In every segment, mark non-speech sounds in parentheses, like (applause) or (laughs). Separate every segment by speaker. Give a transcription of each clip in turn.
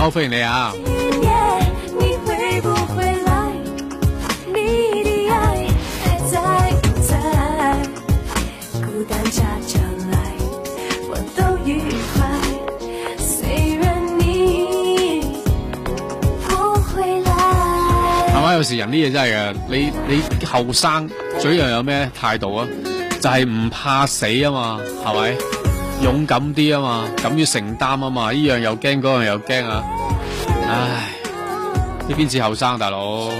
Speaker 1: 好歡
Speaker 2: 迎你啊！
Speaker 1: 係咪？有時人啲嘢真係嘅，你你後生嘴上有咩態度啊？就係、是、唔怕死啊嘛，係咪？勇敢啲啊嘛，敢於承擔啊嘛，呢樣又驚，嗰樣又驚啊！唉，呢邊似後生大
Speaker 2: 佬。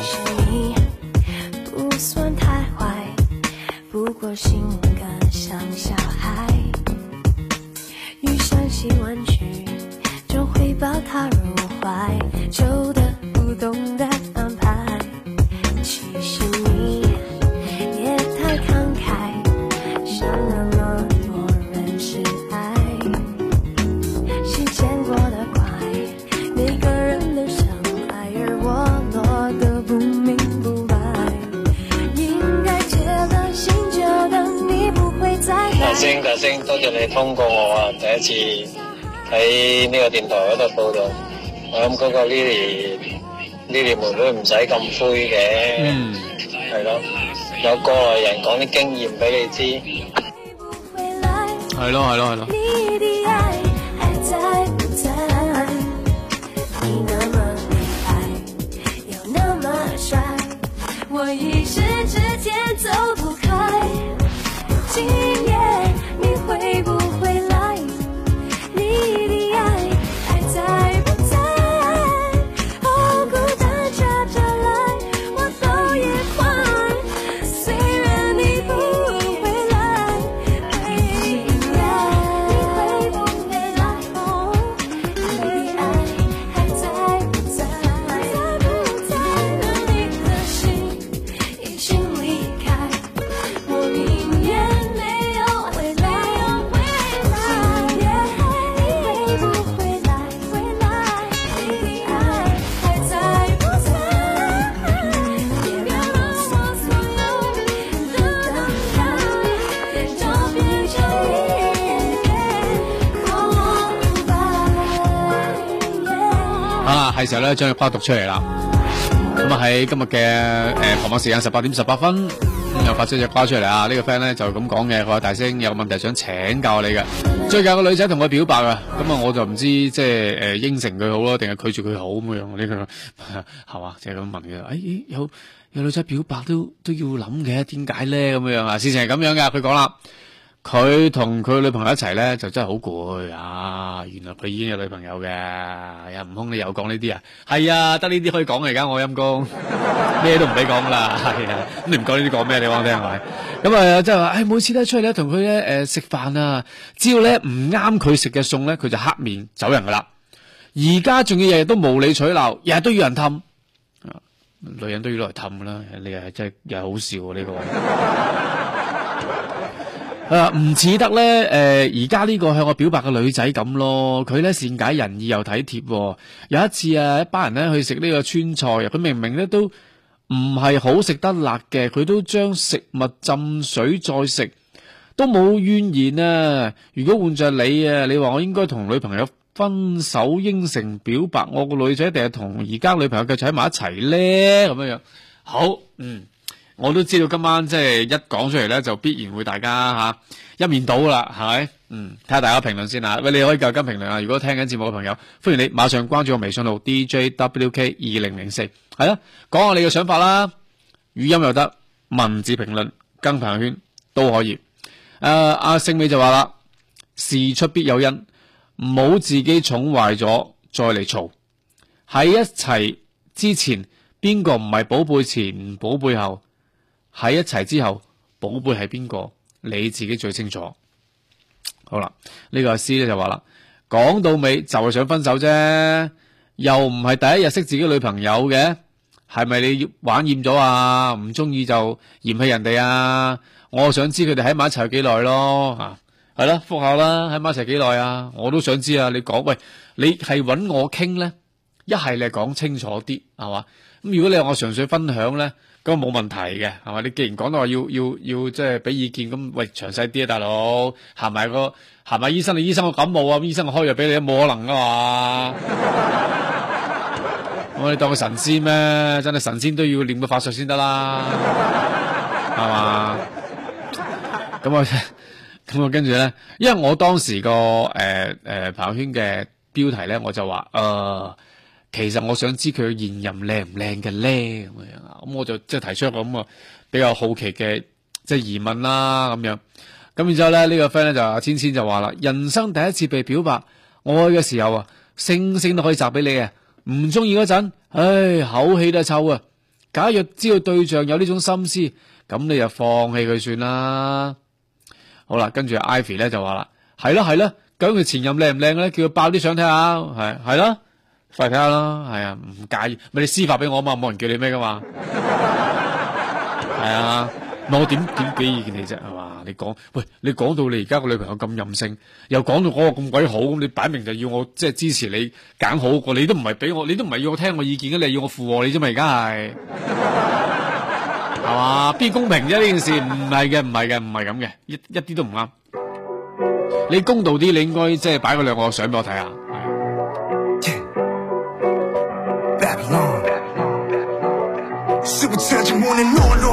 Speaker 1: 喺呢個電台嗰度報道，我諗嗰個
Speaker 3: Lily，Lily 妹妹唔使咁灰嘅。嗯，係咯，有
Speaker 1: 過來人講啲經驗俾你知，係咯係咯係咯。嘅時候咧，將隻瓜讀出嚟啦。咁啊喺今日嘅，誒，傍晚時間十八點十八分，咁又發出隻瓜出嚟啊。這個、呢個 friend 咧就咁講嘅，佢話大聲有個問題想請教你嘅，最近有個女仔同佢表白啊。咁啊，我就唔知即係誒、呃、應承佢好咯，定係拒絕佢好咁樣。呢個係嘛，就咁問佢。誒、哎哎，有有女仔表白都都要諗嘅，點解咧？咁樣啊，事情係咁樣嘅。佢講啦。佢同佢女朋友一齊咧，就真係好攰啊！原來佢已經有女朋友嘅。阿、啊、悟空，你又講呢啲啊？係啊，得呢啲可以講嘅。而家我陰公咩都唔俾講噶啦。係啊，你唔講呢啲講咩？你講聽係咪？咁啊，即係話，唉，每次咧出嚟咧同佢咧誒食飯啊，只要咧唔啱佢食嘅餸咧，佢就黑面走人噶啦。而家仲要日日都無理取鬧，日日都要人氹、呃。女人都要攞嚟氹啦，你係真係又好笑呢、啊這個。 (laughs) 誒，唔似得呢。誒，而家呢個向我表白嘅女仔咁咯，佢呢，善解人意又體貼。有一次啊，一班人呢去食呢個川菜，佢明明呢都唔係好食得辣嘅，佢都將食物浸水再食，都冇怨言啊。如果換着你啊，你話我應該同女朋友分手應承表白，我個女仔定係同而家女朋友繼續喺埋一齊呢？咁樣樣，好，嗯。我都知道今晚即係一講出嚟咧，就必然會大家吓一面倒噶啦，係咪？嗯，睇下大家評論先啊。喂，你可以繼續跟跟評論啊。如果聽緊節目嘅朋友，歡迎你馬上關注我微信號 D J W K 二零零四，係啊，講下你嘅想法啦。語音又得，文字評論、跟朋友圈都可以。誒、呃，阿、啊、聖美就話啦，事出必有因，唔好自己寵壞咗，再嚟嘈。喺一齊之前，邊個唔係寶貝前寶貝後？喺一齊之後，寶貝係邊個？你自己最清楚。好啦，呢、阿個師咧就話啦，講到尾就係想分手啫，又唔係第一日識自己女朋友嘅，係咪你要玩厭咗啊？唔中意就嫌棄人哋啊？我想知佢哋喺埋一齊幾耐咯，吓係啦，覆下啦，喺埋一齊幾耐啊？我都想知啊，你講喂，你係搵我傾咧，一係你講清楚啲，係嘛？咁如果你話我純粹分享咧，咁冇問題嘅，係嘛？你既然講到話要要要即係俾意見，咁喂詳細啲啊，大佬，行埋個行埋醫生，你醫生我感冒啊，醫生我開藥俾你啊，冇可能噶嘛？咁 (laughs) 你當個神仙咩？真係神仙都要念到法術先得啦，係嘛？ (laughs) 咁啊咁啊，跟住咧，因為我當時個誒誒朋友圈嘅標題咧，我就話誒。呃其實我想知佢現任靚唔靚嘅咧咁樣啊，咁我就即係提出一個咁啊比較好奇嘅即係疑問啦咁樣，咁然之後咧呢個 friend 咧就阿千千就話啦，人生第一次被表白，愛嘅時候啊，星星都可以摘俾你嘅，唔中意嗰陣，唉口氣都臭啊，假若知道對象有呢種心思，咁你就放棄佢算啦。好啦，跟住 ivy 咧就話啦，係啦係啦，究竟前任靚唔靚咧？叫佢爆啲相睇下，係係啦。快睇下啦，係啊，唔介意，咪你私發俾我嘛，冇人叫你咩噶嘛，係 (laughs) 啊，我點點俾意見你啫，係嘛，啊，你講，喂，你講到你而家個女朋友咁任性，又講到嗰個咁鬼好，咁你擺明就要我即係支持你揀好過，你都唔係俾我，你都唔係要我聽我意見嘅，你要我附和你啫嘛，而家係，係嘛， (laughs) 啊，邊公平啫，啊、呢件事，唔係嘅，唔係嘅，唔係咁嘅，一一啲都唔啱，你公道啲，你應該即係擺嗰兩個相俾我睇下。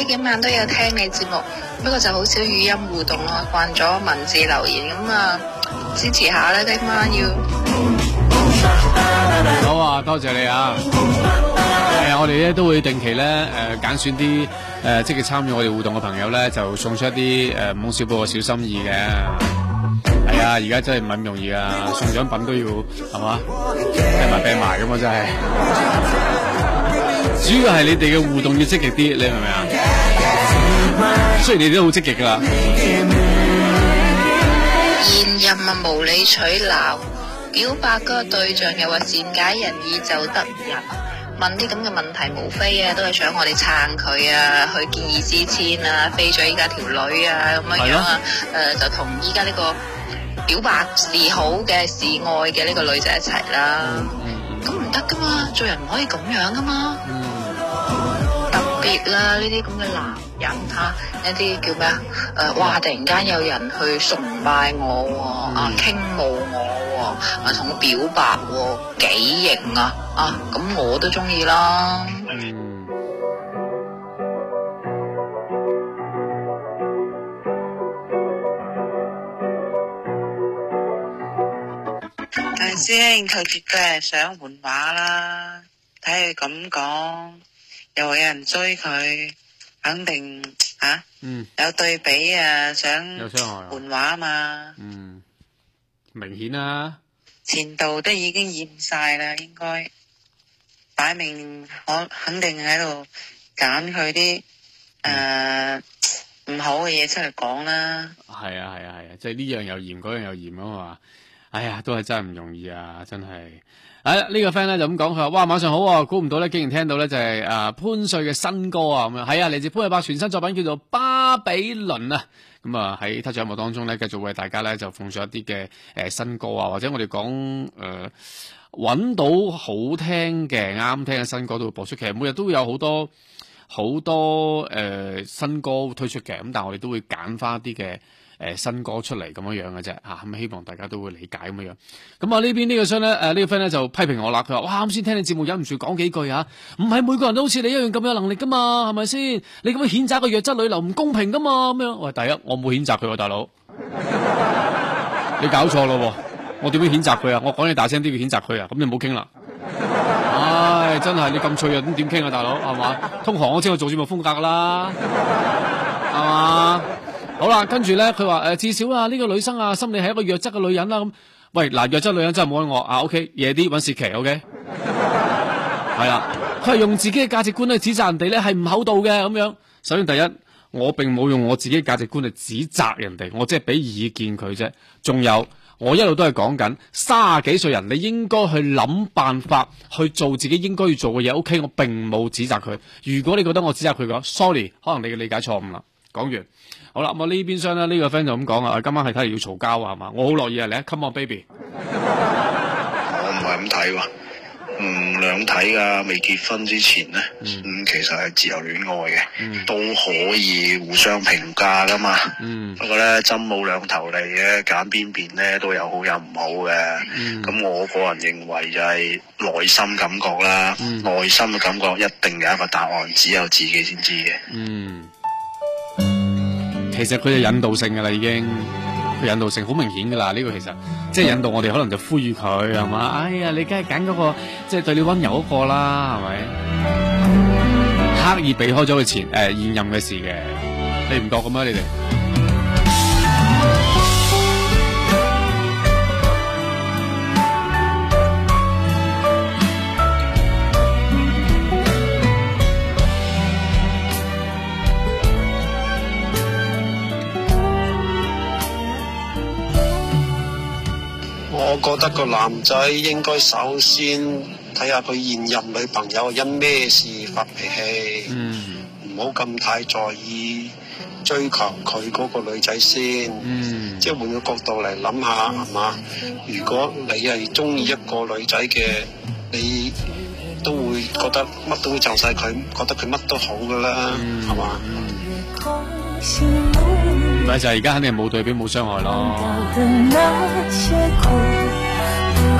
Speaker 4: 呢幾晚都有聽你的節目，不過就好少語音互動啊，慣咗文字留言咁啊，支持一下啦！今晚
Speaker 1: 要、哎、好啊，多謝你啊！係、哎、啊，我哋咧都會定期咧誒揀選啲誒積極參與我哋互動嘅朋友咧，就送出一啲誒蒙小寶嘅小心意嘅。係、哎、啊，而家真係唔係咁容易啊，送獎品都要係嘛，掟埋掟埋咁啊真係。主要係你哋嘅互動要積極啲，你明唔明啊？雖然你哋都好積極噶啦。
Speaker 3: 現
Speaker 4: 任無理取鬧，表白嗰個對象又話善解人意就得人。問啲咁嘅問題無非啊，都係想我哋撐佢啊，去見異思遷啊，飛咗依家條女啊咁樣啊，誒、啊呃、就同依家呢個表白示好嘅示愛嘅呢個女仔一齊啦，咁唔得噶嘛，做人唔可以咁樣噶嘛。別啦！呢啲咁嘅男人哈，一啲叫咩啊？誒，哇！突然間有人去崇拜我，啊，傾慕我，啊，同我表白，幾型啊！啊，
Speaker 2: 咁我都中意啦。但係師兄，佢絕對係想換話啦，
Speaker 4: 睇佢咁講。又有人追佢，肯定啊，有對比啊，想換話啊嘛，
Speaker 1: 明顯啊，
Speaker 4: 前度都已經厭晒啦，應該擺明我肯定喺度揀佢啲誒唔好嘅嘢出嚟講啦。
Speaker 1: 係啊係啊係啊，即係呢樣又厭，嗰樣又厭啊嘛。哎呀，都係真係唔容易啊！真係，誒、哎這個、呢個 friend 咧就咁講，佢話哇，晚上好，啊，估唔到咧竟然聽到咧就係、是、誒、啊、潘瑞嘅新歌啊！咁樣係啊，嚟自潘偉柏全新作品叫做《巴比倫》啊！咁、嗯、啊喺他節目當中咧，繼續為大家咧就奉上一啲嘅誒新歌啊，或者我哋講誒搵到好聽嘅啱聽嘅新歌都會播出。其實每日都有好多好多誒、呃、新歌推出嘅，咁但係我哋都會揀翻一啲嘅。誒新歌出嚟咁樣樣嘅啫，嚇、啊、咁希望大家都會理解咁樣樣。咁啊呢邊呢個 friend 咧，誒、啊、呢、這個 friend 咧就批評我啦。佢話：哇，啱先聽你節目忍，忍唔住講幾句啊，唔係每個人都好似你一樣咁有能力噶嘛，係咪先？你咁樣譴責個弱質女流，唔公平噶嘛，咁樣。喂，第一我冇譴責佢喎、啊，大佬， (laughs) 你搞錯咯喎。我點樣譴責佢啊？我講你大聲啲，要譴責佢啊。咁你唔好傾啦。唉、 (laughs) 哎，真係你咁脆弱，咁點傾啊，大佬係嘛？通行我知我做節目風格噶啦，係嘛？ (laughs) 好啦，跟住咧，佢話誒，至少啊呢、這個女生啊，心理係一個弱質嘅女人啦、啊。咁，喂嗱，弱質女人真係唔好惡啊。O K，夜啲搵士奇。O K，係啦，佢係用自己嘅價值觀去指責人哋咧，係唔厚道嘅咁樣。首先，第一，我並冇用我自己嘅價值觀去指責人哋，我即係俾意見佢啫。仲有，我一路都係講緊三十幾歲人，你應該去諗辦法去做自己應該要做嘅嘢。O、OK? K，我並冇指責佢。如果你覺得我指責佢嘅，sorry，可能你嘅理解錯誤啦。講完，好啦，咁啊，呢邊箱咧，呢個 friend 就咁講啊，今晚係睇嚟，要嘈交啊，係嘛？我好樂意啊，你 come on baby。
Speaker 3: 我唔係咁睇喎，唔兩睇噶，未結婚之前咧，咁、嗯、其實係自由戀愛嘅，嗯、都可以互相評價噶嘛。嗯、不過咧針冇兩頭利嘅，揀邊邊咧都有好有唔好嘅。咁、嗯、我個人認為就係內心感覺啦，內、嗯、心嘅感覺一定有一個答案，只有自己先知嘅。嗯
Speaker 1: 其實佢就引導性噶啦，已經佢引導性好明顯噶啦。呢、這個其實即係引導我哋，可能就呼籲佢係嘛。哎呀，你梗係揀嗰個即係、就是、對你温柔嗰個啦，係咪？ (music) 刻意避開咗佢前誒、呃、現任嘅事嘅，你唔覺咁啊？你哋？
Speaker 3: 覺得個男仔應該首先睇下佢現任女朋友因咩事發脾氣，唔好咁太在意，追求佢嗰個女仔先，嗯、即係換個角度嚟諗下，係嘛、嗯？如果你係中意一個女仔嘅，你都會覺得乜都會就晒佢，覺得佢乜都好噶啦，係嘛、嗯？唔
Speaker 2: 係
Speaker 1: 就係而家肯定冇對比冇傷害咯。
Speaker 2: 嗯。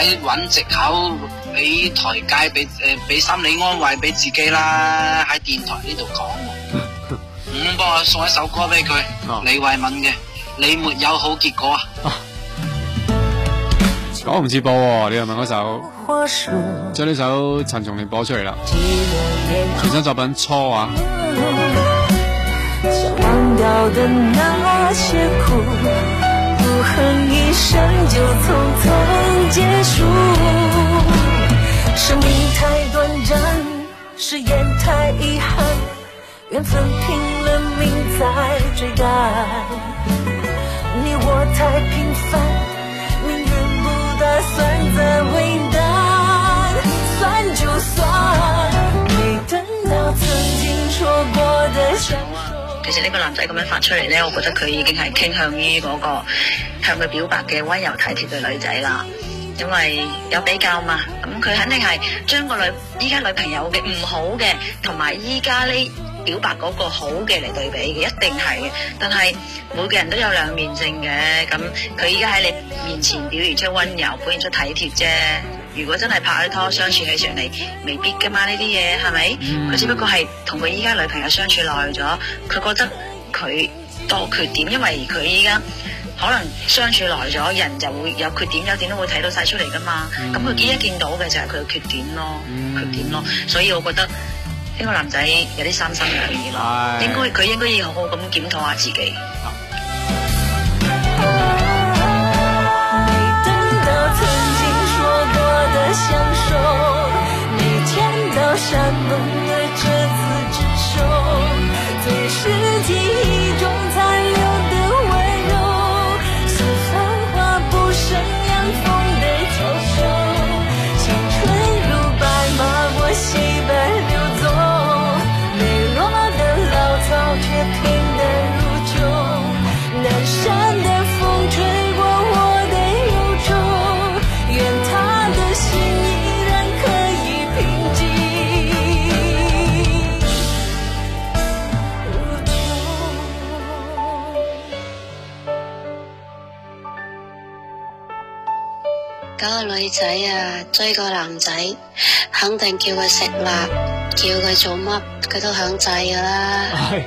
Speaker 3: 喺揾藉口，俾台階，俾誒，俾心理安慰俾自己啦。喺電台呢度講，
Speaker 5: 咁幫我送一首歌俾佢，李慧敏嘅《你沒有好結果》啊。
Speaker 1: 講唔切播，你又問嗰首，將呢首陳松齡播出嚟啦。全新作品初啊。
Speaker 2: 其實呢個男仔
Speaker 4: 咁樣發出嚟，呢我覺得佢已經係傾向於嗰個向佢表白嘅溫柔體貼嘅女仔啦，因為有比較嘛，咁佢肯定係將個女依家女朋友嘅唔好嘅，同埋依家呢。表白嗰個好嘅嚟對比嘅，一定係嘅。但係每個人都有兩面性嘅，咁佢依家喺你面前表現出温柔，表現出體貼啫。如果真係拍咗拖，相處起上嚟未必噶嘛。呢啲嘢係咪？佢、嗯、只不過係同佢依家女朋友相處耐咗，佢覺得佢多缺點，因為佢依家可能相處耐咗，人就會有缺點優點都會睇到晒出嚟噶嘛。咁佢、嗯、見一見到嘅就係佢嘅缺點咯，
Speaker 5: 缺點咯。
Speaker 4: 所以我覺得。呢個男仔有啲三心兩意咯，害應該佢應該要好好咁檢
Speaker 2: 討下自己。啊。
Speaker 5: 女仔啊，追個男仔，肯定叫佢食辣，叫佢做乜佢都肯制噶啦。
Speaker 2: 係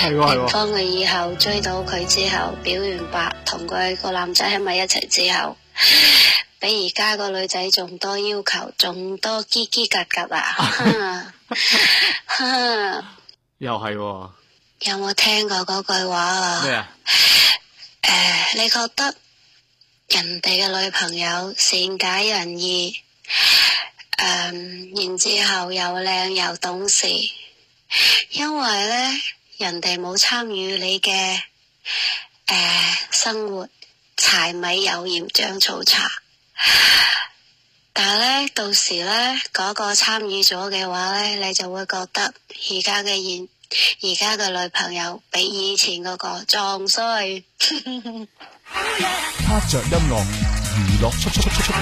Speaker 2: 係喎，
Speaker 5: 佢以後追到佢之後，表完白，同佢個男仔喺埋一齊之後，比而家個女仔仲多要求，仲多嘰嘰格格啊！又係、哦，有冇聽過嗰句話啊？誒的、呃，你覺得？人哋嘅女朋友善解人意，嗯，然之後又靚又懂事，因為呢，人哋冇參與你嘅、呃、生活柴米油鹽醬醋茶，但係呢，到時呢，嗰、嗰個參與咗嘅話呢，你就會覺得而家嘅現而家嘅女朋友比以前嗰個仲衰。 (laughs)
Speaker 2: 拍着音樂娛
Speaker 1: 樂出出出出，出，出，出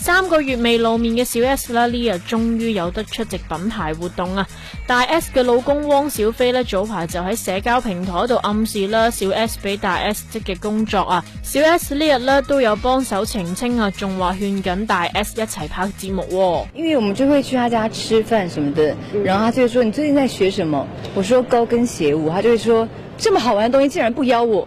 Speaker 4: 三個月未露面嘅小 S 呢，呢日終於有得出席品牌活動啊！大 S 嘅老公汪小菲呢，早排就喺社交平台度暗示啦，小 S 比大 S 積極工作啊！小 S 呢日呢，都有幫手澄清啊，仲話勸緊大 S 一齊拍節目。因為我們就會去他家吃飯什麼的，嗯、然後他就會說你最近在學什麼？我說高跟鞋舞，他就會說這麼好玩嘅東西竟然不邀我。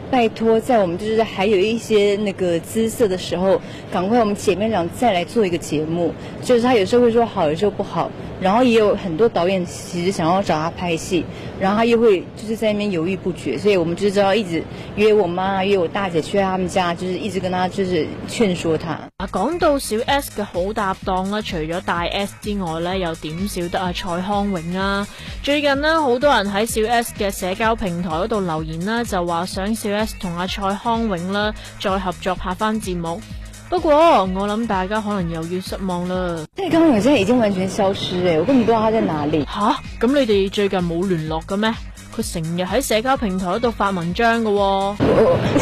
Speaker 4: 拜託，在我們就是還有一些那個姿色的時候，趕快我們姐妹倆再來做一個節目。就是他有時候會說好，有時候不好。然後也有很多導演其實想要找他拍戲，然後他又會就是在那邊猶豫不決。所以我們就是要一直約我媽，約我大姐去他們家，就是一直跟他就是勸說他。啊，講到小 S 嘅好搭檔啦，除咗大 S 之外呢，又點少得啊蔡康永啊？最近呢，好多人喺小 S 嘅社交平台嗰度留言啦，就話想小 S。同阿蔡康永啦，再合作拍翻節目，不過我諗大家可能又要失望啦。即係康永真係已經完全消失誒，我都唔知佢喺哪裏吓。咁你哋
Speaker 2: 最近冇聯絡嘅咩？佢成日喺社交平台度發文章嘅、哦。 (laughs)